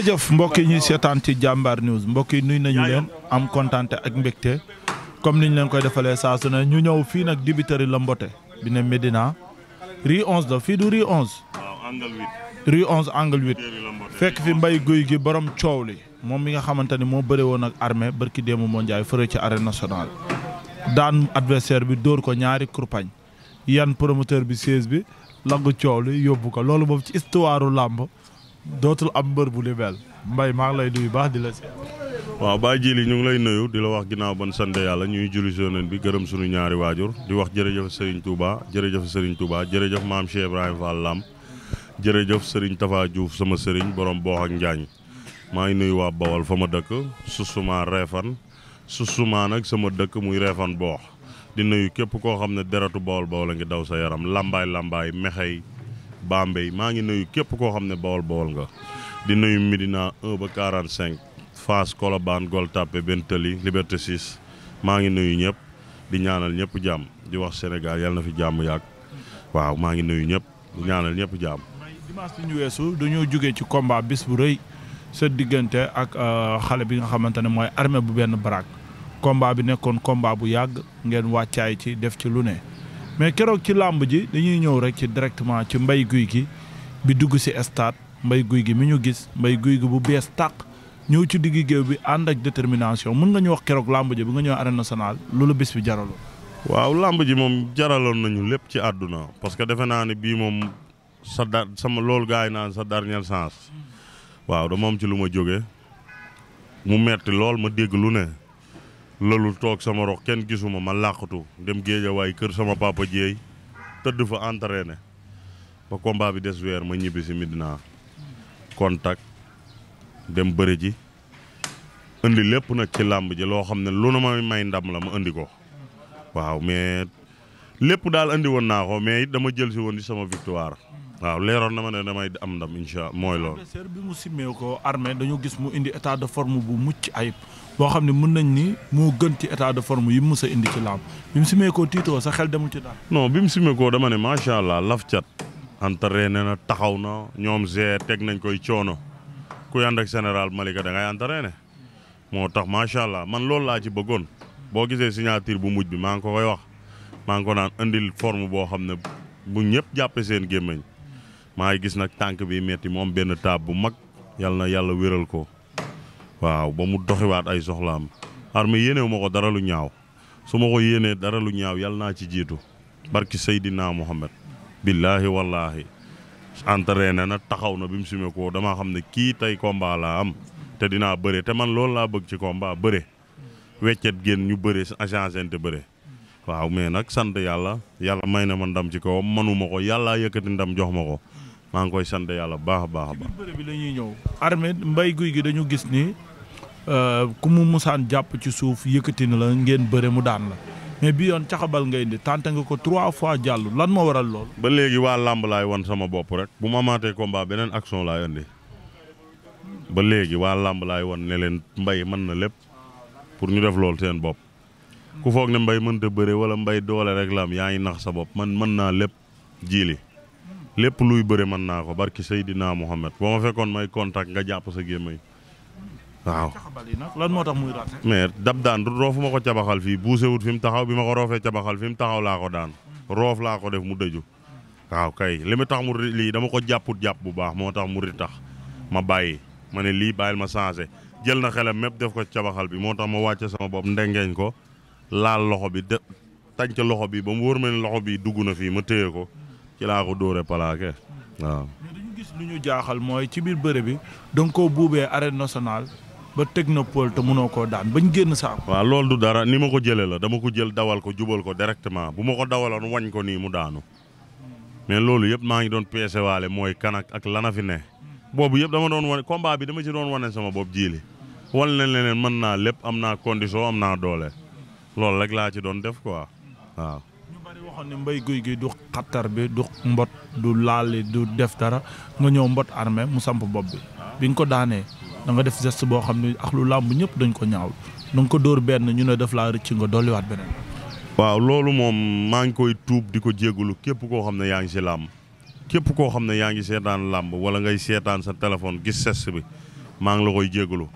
jërëjëf mbokk yi ñuy seetaan ci jàmbaar news mbokk yi nuy nañu leen am kontante ak mbégte comme ni ñu leen koy defalee saasu su ne ñu ñëw fii nag dibiteri Lomboté bi ne Médina rue 11 la fii du rue 11. rue 11 angle 8 fekk fi mbay guy gi borom coow li moom mi nga xamante ni moo bëre woon ak armée bërki démb moo njaay ci arène nationale daan adversaire bi dóor ko ñaari kurpañ yan promoteur bi siège bi laggu coow li yóbbu ko loolu boobu ci histoire làmb dootul am mbër bu li mbay maa ngi lay nuyu baax di la si waaw Baye Djili ñu ngi lay nuyu di la wax ginnaaw ban sant yàlla ñuy julli Yonent bi gërëm suñu ñaari waajur di wax jërëjëf sëriñ Touba jërëjëf Serigne Touba jërëjëf maam Cheikh Ibrahima Fall Lam jërëjëf Serigne Tafa Diouf sama Serigne borom boox ak Njaañ maa ngi nuyu waa Bawol fa ma dëkk susuma reefan susuma nag sama dëkk muy reefan boox di nuyu képp koo xam ne deretu Bawol Bawol a ngi daw sa yaram lambaay lambaay mexey Bambey maa ngi nuyu képp koo xam ne bawol bawol nga di nuyu Médina 1 ba 45 Fass Colobane Gueule Tapée Bène Tally Liberté 6 maa ngi nuyu ñëpp di ñaanal ñëpp jàmm di wax Sénégal yàlla na fi jàmm yàgg waaw maa ngi nuyu ñëpp di ñaanal ñëpp jàmm. dimanche bi ñu weesu dañoo jógee ci combat bis bu rëy sa diggante ak euh, xale bi nga xamante ne mooy armée bu benn baraak combat bi nekkoon combat bu yàgg ngeen wàccaay ci def ci lu ne. mais keroog ci làmb ji dañuy ñëw rek ci directement ci mbay guy gi bi dugg si stade mbay guy gi mi ñu gis mbay guy gi bu bees tàq ñëw ci digg géew bi ànd ak détermination mën nga ñu wax keroog làmb ji bi nga ñëw arène nationale loolu bés bi jaraloon. waaw làmb ji moom jaraloon nañu lépp ci àdduna parce que defe naa ne bii moom sa da sama loolu gars yi naan sa dernière chance waaw dama moom ci lu ma jógee mu merti lool ma dégg lu ne. lalu toog sama rox kenn gisuma ma làqatu dem géejawaay kër sama papa jeey tëdd fa entraîné ba combat bi des weer ma ñibbi si Medina contact dem bëri ji indi lépp nag ci làmb ji loo xam ne lu na ma may ndam la ma indi ko waaw mais lépp daal indi woon naa ko mais dama jël si woon di sama victoire waaw leeroon na ma ne damay am ndam incha allah mooy loolu. bi mu simmee ko armée dañu gis mu indi état de forme bu mucc ayib boo xam ne mën nañ ni moo gën ci état de forme yi mu mës a indi ci làmb bi mu simee tiitoo sa xel demul ci daal. no bi mu simee koo dama ne macha allah laf cat entraîné na taxaw na ñoom gée teg nañ koy coono kuy ànd ak général Malika da ngay entraîné moo tax macha allah man loolu laa ci bëggoon boo gisee signature bu mujj bi maa ngi ko koy wax maa ngi ko naan indil forme boo xam ne bu ñëpp jàppee seen gémmiñ maa ngi gis nag tànk bi metti moom benn taab bu mag yàlla na yàlla wéral ko. waaw ba mu doxiwaat ay soxlaam armée yéenewu ma ko dara lu ñaaw su ma ko yéenee dara lu ñaaw yàlla naa ci jiitu barki Seydina Mohamed billaahi wallaahi entraîné na taxaw na bi mu sumé ko damaa xam ne kii tey combat laa am te dinaa bëre te man loolu laa bëgg ci combat bëre weccet génn ñu bëre agence ente bëre waaw mais nag sant yàlla yàlla may na ma ndam ci kawam manuma ko yàllaa yëkkati ndam jox ma ko maa ngi koy sant yàlla baax a baax a baax. bëre Euh, ku mu musaan jàpp ci suuf yëkkati na la ngeen bëre mu daan la mais bi yoon caxabal ngay indi tànte nga ko trois fois jàll lan moo waral lool. ba léegi waa làmb laay wan sama bopp rek bu ma amaatee combat beneen action laay indi ba léegi waa làmb laay wan ne leen mbay mën na lépp pour ñu def loolu seen bopp ku foog ne mbay mënta bëre wala mbay doole rek la am yaa ngi nax sa bopp man mën naa lépp jiili lépp luy bëre mën naa ko barki Seydina Mohamed boo ma fekkoon may contact nga jàpp sa gémmiñ waaw lan moo tax muy raté mais dab daan roofu ma ko cabaxal fii buusewut fi mu taxaw bi ma ko roofee cabaxal fi mu taxaw laa ko daan roof laa ko def mu dëju waaw kay li ma tax mu lii dama ko jàpput jàpp bu baax moo tax mu ri tax ma bàyyi ma ne lii bàyyil ma changé jël na xelam mépp def ko cabaxal bi moo tax ma wàcce sama bopp ndengeeñ ko laal loxo bi de ca loxo bi ba mu wër ma ne loxo bi dugg na fii ma téye ko ci laa ko dóore palaake waaw. lu jaaxal mooy ci biir bëre bi danga koo buubee arène ba technopole te mënoo koo daan bañ génn saako. waaw loolu du dara ni ma ko jëlee la dama ko jël dawal ko jubal ko directement bu ma ko dawaloon wañ ko nii mu daanu mais loolu yëpp maa ngi doon peese waale mooy kan ak lana fi ne. boobu yëpp dama doon wane combat bi dama ci doon wane sama bopp jiili wan leen leneen mën naa lépp am naa condition am naa doole loolu rek laa ci doon def quoi waaw. ñu bari waxoon ne mbay guy gi du xatar bi du mbot du laali du def dara nga ñëw mbot mu samp bopp bi. da def geste boo xam ne ak lu làmb ñëpp dañ ko ñaaw da nga ko dóor benn ñu ne def laa rëcc nga dolliwaat beneen. waaw loolu moom maa ngi koy tuub di ko jégalu képp koo xam ne yaa ngi si làmb képp koo xam ne yaa ngi seetaan làmb wala ngay seetaan sa téléphone gis geste bi maa ngi la koy jégalu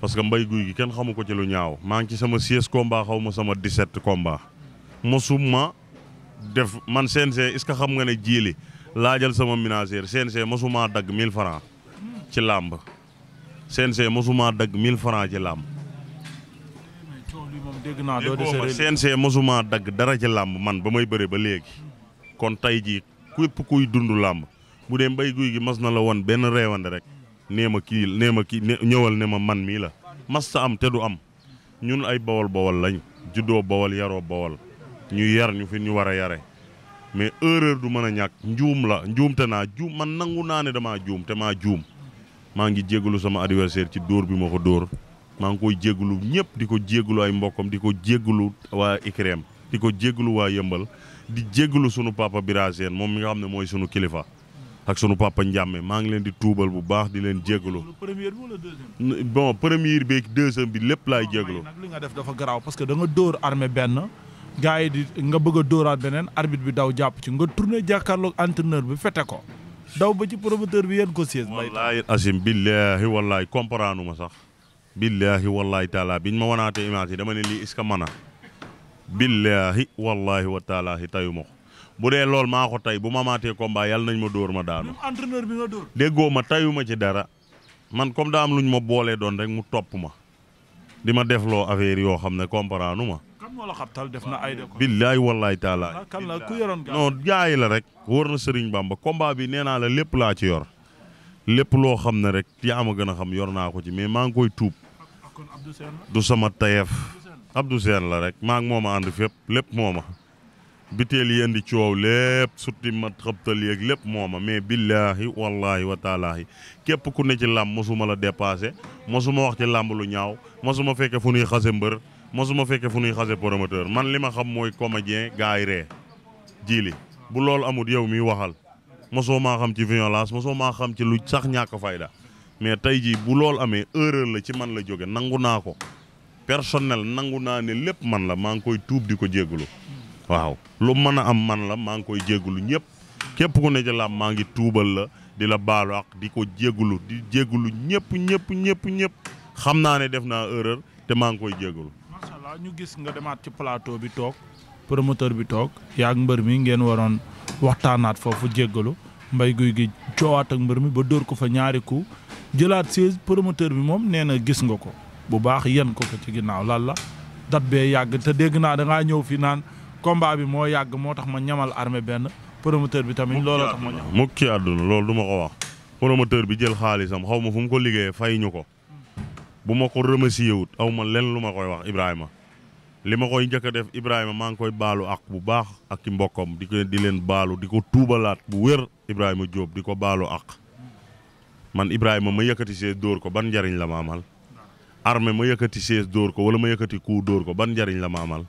parce que mbay guy gi kenn xamu ko ci lu ñaaw maa ngi ci sama 16 combat xaw ma sama 17 combat mosuma def man CNG est-ce que xam nga ne jiili laajal sama ménagère CNG mosuma dagg 1000 francs ci làmb Sensei musuma dagg 1000 francs ci lamb dégg musuma doo dagg dara ci lamb man ba may ba léegi. kon tay ji képp kuy dundu lamb bu mbay guuy gi mas nalawan la won Nema ki rek ki ki nema ki man mi la mas sa am te du am ñun ay bawol bawol lañ judo bawol yaro bawol ñu yar ñu fi ñu wara yaré mais erreur du mëna ñak njum la njumté na man nanguna né ne damaa té ma jum. maa ngi jégalu sama adversaire ci dóor bi ma ko dóor maa ngi koy jégalu ñëpp di ko jégalu ay mbokkam di ko jégalu waa ICREM di ko jégalu waa Yëmbal di jégalu sunu papa Bira moom mi nga xam ne mooy sunu kilifa. ak sunu papa Ndiame maa ngi leen di tuubal bu baax di leen jégalu. bon première bi ak bi lépp laay jégalu. li nga def dafa garaaw parce que da nga dóor armée benn. gars yi di nga bëgg dóoraat beneen arbitre bi daw jàpp ci nga tourné jàkkaarloog entraîneur bi fete ko. daw ba ci promoteur bi yéen ko siis bay wallaahi asim billaahi wallaahi comprendre ma sax billaahi wallaahi taala biñ ma wanaatee image yi dama ne lii est-ce que billaahi wallaahi wa taala yi tayu ko bu dee lool maa ko tay bu ma maatee combat yàlla nañ ma dóor ma daanu entraîneur bi nga dóor déggoo ma tayu ci dara man comme daa am lu ñu ma boolee doon rek mu topp ma di ma defloo affaire yoo xam ne comprendre ma kan moo la xabtal def na ay de ko. billaay wallaay taala. kan yoroon gàllankoor jaay la rek. wóor na Serigne Bamba combat bi nee naa la lépp laa ci yor lépp loo xam ne rek yaa ma gën a xam yor naa ko ci mais maa ngi koy tuub. du sama tayeef. Abdou Seen la rek maa ngi moom a ànd fépp lépp mooma. biteel yi indi coow lépp sutti ma xabtal yeeg lépp mooma mais billaahi wallaahi wa taalaahi képp ku ne ci làmb mosuma la dépassé mosuma wax ci làmb lu ñaaw mosuma fekke fu ñuy xase mbër. mosuma fekke fu nuy xase promoteur man li ma xam mooy comédien gars yi ree li bu loolu amul yow miy waxal mosoo maa xam ci violence mosoo maa xam ci lu sax ñàkk fayda mais tey jii bu loolu amee erreur la ci man la jóge nangu naa ko personnel nangu naa ne lépp man la maa ngi koy tuub di ko jégalu waaw lu mën a am man la maa ngi koy jégalu ñëpp képp ku ne ci làmb maa ngi tuubal la di la baalu ak di ko jégalu di jégalu ñëpp ñëpp ñëpp ñëpp xam naa ne def naa erreur te maa ngi koy jégalu waaw ñu gis nga demaat ci plateau bi toog promoteur bi toog yaa ak mbër mi ngeen waroon waxtaanaat foofu jéggalu mbay guy gi coowaat ak mbër mi ba dóor ko fa ñaari coup jëlaat si promoteur bi moom nee na gis nga ko bu baax yen ko ko ci ginnaaw lan la dat bee yàgg te dégg naa da ñëw fi naan combat bi moo yàgg moo tax ma ñamal arme benn promoteur bi tamit looloo tax ma ñamal mukki àdduna loolu du ma ko wax promoteur bi jël xaalisam xaw ma fu mu ko liggéeyee fay ñu ko bu lu ma wax Ibrahima li ma koy njëkk a def Ibrahima maa ngi koy baalu ak bu baax ak ci mbokkam di di leen baalu di ko tuubalaat bu wér Ibrahima jóob di ko baalu ak man Ibrahima ma yëkkati sees dóor ko ban njariñ la ma amal armée ma yëkkati sees dóor ko wala ma yëkkati kuu dóor ko ban njariñ la ma amal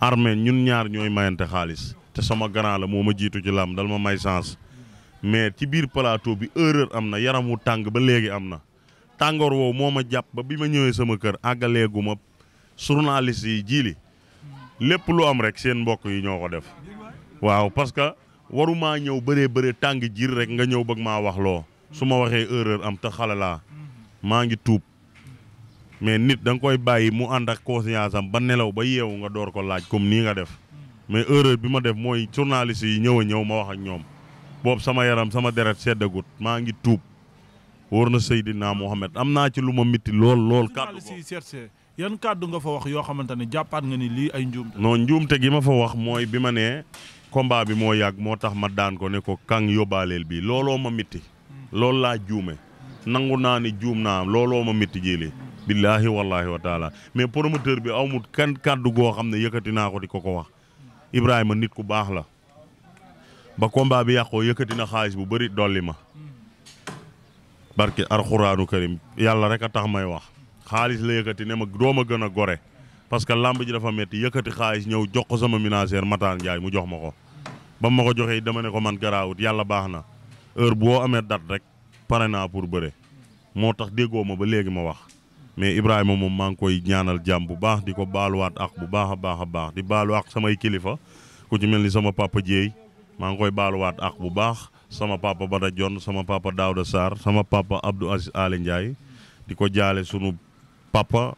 armée ñun ñaar ñooy mayante xaalis te sama grand la moo ma jiitu ci làmb dal ma may chance mais ci biir plateau bi erreur am na yaram wu tàng ba léegi am na tàngoor woowu moo ma jàpp ba bi ma ñëwee sama kër àggaleegu ma journaliste yi jiili lépp lu am rek seen mbokk yi ñoo ko def waaw parce que warumaa ñëw bëree bëree tàng jiir rek nga ñëw bëgg maa wax loo su ma waxee erreur am te xale maa ngi tuub mais nit danga koy bàyyi mu ànd ak conscience am ba nelaw ba yeewu nga door ko laaj comme nii nga def mais erreur bi ma def mooy journaliste yi ñëw ñëw ma wax ak ñoom boobu sama yaram sama deret seddagut maa ngi tuub wóor na Seydina Mohamed am naa ci lu ma mitti lool lool. kàddu yan kàddu nga fa wax yoo xamante ne jàppaat nga ni lii ay njuumte. non njuumte gi ma fa wax mooy bi ma nee combat bi moo yàgg moo tax ma daan ko ne ko kang yóbbaaleel bi looloo ma mitti loolu laa juume nangu naa ni juum naa looloo ma mitti jëlee. billaahi wallaahi wa taala mais promoteur bi amul kenn kàddu goo xam ne yëkkati naa ko di ko ko wax Ibrahima nit ku baax la ba combat bi yàqoo yëkkati na xaalis bu bari dolli ma barke alxuraanu karim yàlla rek a tax may wax. xaalis la yëkkati ne ma doo a gën a gore parce que lamb ji dafa metti yëkkati xaalis ñëw jox ko sama ménagère Matar Ndiaye mu jox ma ko ba ma ko joxee dama ne ko man garaawut yàlla baax na heure boo amee date rek pare naa pour bëre moo tax déggoo ma ba léegi ma wax mais Ibrahima moom maa ngi koy ñaanal jàmm bu baax di ko baaluwaat ak bu baax a baax a baax di baalu ak samay kilifa ku ci mel ni sama papa Dieye maa ngi koy baaluwaat ak bu baax sama papa Bada Dione sama papa Daouda Sarr sama papa Abdou Aziz Ali Ndiaye di ko jaale sunu papa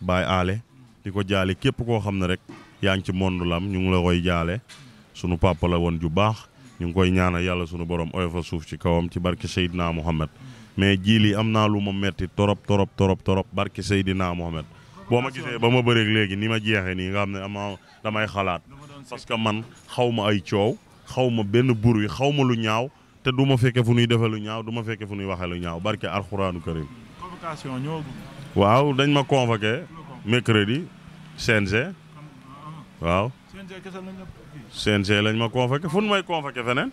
Baye Allé di ko jaale képp koo xam ne rek yaa ngi ci monde lam ñu ngi la koy jaale sunu papa la woon ju baax ñu ngi koy ñaanal yàlla sunu borom oyofa suuf ci kawam ci barke Seydina Mohamed mais jii lii am naa lu ma metti torop torop torop torop barke Seydina Mohamed boo ma gisee ba ma bëreeg léegi ni ma jeexee nii nga xam ne ama damay xalaat parce que man xaw ma ay coow xaw ma benn bur wi xaw ma lu ñaaw te du ma fekke fu nuy defe lu ñaaw du ma fekke fu nuy waxe lu ñaaw barke alxuraanu karim waaw dañ ma convoqué mercredi CNG waaw. CNG lañ ma convoqué fu nu may convoqué feneen.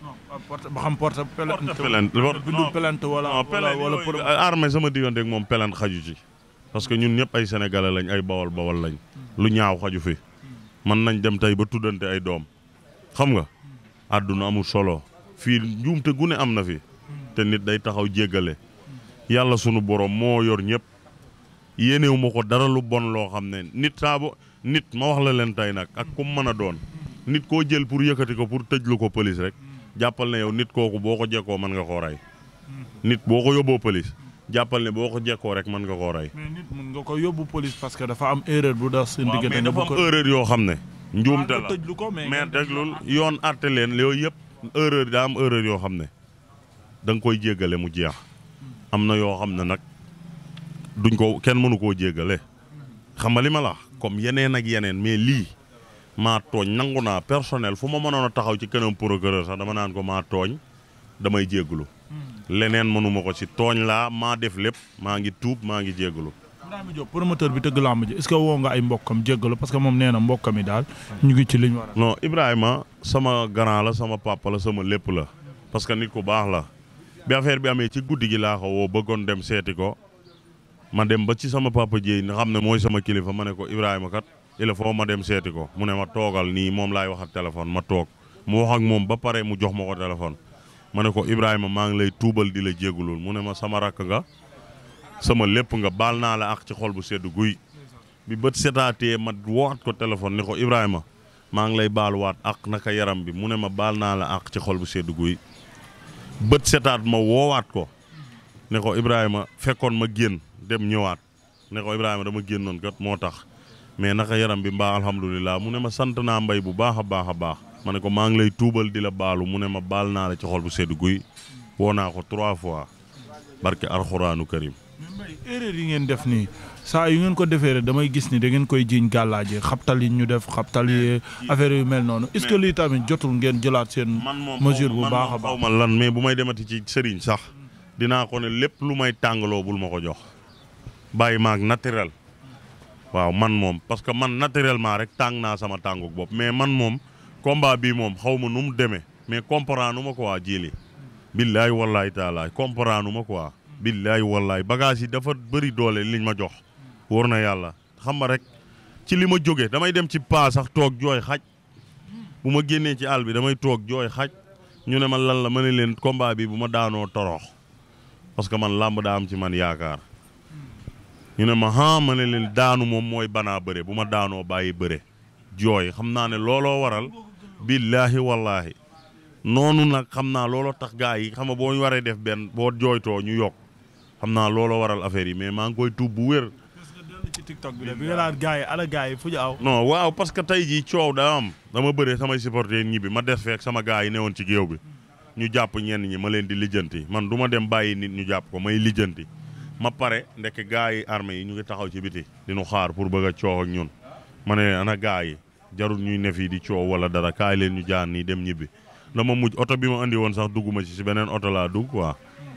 ba xam porte plainte bindu plainte wala wala sama diggante ak moom plainte xaju ci. parce que ñun ñëpp ay sénégalais lañ ay bawal bawal lañ. lu ñaaw xaju fi. man nañ dem tey ba tuddante ay doom. xam nga. àdduna amul solo. fii njuumte gu ne am na fi. te nit day taxaw jéggale. yàlla sunu borom moo yor ñëpp. yéenewu ma ko dara lu bon loo xam ne nit saabo nit ma wax la leen tey nag ak ku mën a doon nit koo jël pour yëkkati ko pour tëjlu ko pëlis rek jàppal ne yow nit kooku boo ko jekkoo man nga koo rey nit boo ko yóbboo pëlis jàppal ne boo ko jekkoo rek mën nga koo rey. mais nit mën nga ko yóbbu police parce que dafa am erreur yoo xam ne. njuumte la tëjlu ko yoon àtte leen yooyu yëpp erreur daa am erreur yoo xam ne da nga koy jéggale mu jeex. am na yoo xam ne duñ ko kenn mënu koo jéggale xam nga li ma la comme yeneen ak yeneen mais lii maa tooñ nangu naa personnel fu ma mënoon a taxaw ci kanam procureur sax dama naan ko maa tooñ damay jégglu leneen mënuma ko ci tooñ laa maa def lépp maa ngi tuub maa ngi jégglu Ibrahima Diop promoteur bi tëgg laa ji est-ce woo nga ay mbokkam jéggalu parce que moom nee na mbokkam yi daal ñu ngi ci liñ war non Ibrahima sama grand la sama papa la sama lépp la parce que nit ku baax la bi affaire bi amee ci guddi gi laa ko bëggoon dem seeti ko ma dem ba ci sama papa Dieye nga xam ne mooy sama kilifa ma ne ko Ibrahima kat il faut ma dem seeti ko mu ne ma toogal nii moom laay wax ak téléphone ma toog mu wax ak moom ba pare mu jox ma ko téléphone. ma ne ko Ibrahima maa ngi lay tuubal di la jégalul mu ne ma sama rakk nga sama lépp nga baal naa la ak ci xol bu sedd guy bi bët setaatee ma woowaat ko téléphone ni ko Ibrahima maa ngi lay baaluwaat ak naka yaram bi mu ne ma baal naa la ak ci xol bu sedd guy bët setaat ma woowaat ko ne ko Ibrahima fekkoon ma génn. dem ñëwaat ne ko Ibrahima dama génnoon kat moo tax mais naka yaram bi mbaa alhamdulilah mu ne ma sant naa mbay bu baax a baax a baax ma ne ko maa ngi lay tuubal di la baalu mu ne ma baal naa la ci xol bu sedd guy woo naa ko trois fois barke alxuraanu karim. mbay erreur yi ngeen def nii saa yu ngeen ko defee rek damay gis ni da ngeen koy jiiñ gàllaaje xabtal yi ñu def xabtal yi affaire yu mel noonu est lii tamit jotul ngeen jëlaat seen. mesure bu baax a baax man lan mais bu may demati ci sëriñ sax dinaa ko ne lépp lu may tàngaloo ma ko jox. bàyyi maag naturel waaw man moom parce que man naturellement rek tàng naa sama tànguk bopp mais man moom combat bii moom xaw ma nu mu demee mais comprendre ma quoi jili billaay wallaay taalaay comprendre ma quoi billaay wallaay bagage yi dafa bëri doole liñ ma jox wóor na yàlla xam nga rek ci li ma jóge damay dem ci paa sax toog jooy xaj bu ma génnee ci àll bi damay toog jooy xaj ñu ne ma lan la ma ne leen combat bi bu ma daanoo torox parce que man làmb daa am ci man yaakaar ñu ne ma ah ma ne leen daanu moom mooy banaa bëre bu ma daanoo bàyyi bëre jooy xam naa ne looloo waral billaahi wallaahi noonu nag xam naa looloo tax gaa yi xam nga boo ñu waree def boo jooytoo ñu yokk xam naa looloo waral affaire yi mais maa ngi koy tuub bu wér. ci TikTok bi gaa yi ala gaa yi fu ñu aw. non waaw parce que tey jii coow daa am dama bëree samay supporter ñibbi ma des fekk sama gaa yi woon ci géew bi ñu jàpp ñenn ñi ma leen di lijjanti man duma dem bàyyi nit ñu jàpp ko may lijjanti. ma pare ndekk gaay armée yi ñu ngi taxaw ci biti di ñu xaar pour bëgg ciow ak ñun mané ana gaay jarul ñuy nefi di ciow wala dara kay leen ñu jaan ni dem ñibi dama mujj auto bi ma andi won sax duguma ci ci benen auto la dug quoi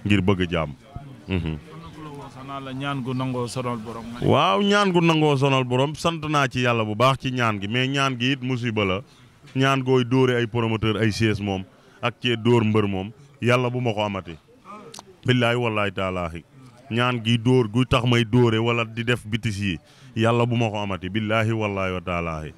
ngir bëgg jaam hmm mhm. waaw ñaan gu nango sonal borom sant na ci yalla bu baax ci ñaan gi mais ñaan gi it musiba la ñaan goy doore ay promoteur ay cies mom ak ci door mbeur mom yalla bu mako amati. billaahi wallaahi taalaahi ñaan gi dóor guy tax may dóore wala di def bitis yi yàlla bu ma ko amati billaahi wallaahi wa taalaahi